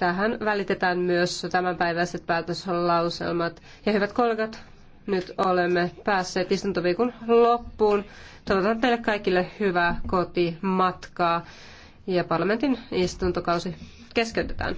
Tähän välitetään myös tämänpäiväiset päätöslauselmat. Ja hyvät kollegat, nyt olemme päässeet istuntoviikon loppuun. Toivotan teille kaikille hyvää kotimatkaa ja parlamentin istuntokausi keskeytetään.